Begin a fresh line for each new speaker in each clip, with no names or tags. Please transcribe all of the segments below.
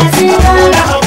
Let's go.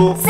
Brasil.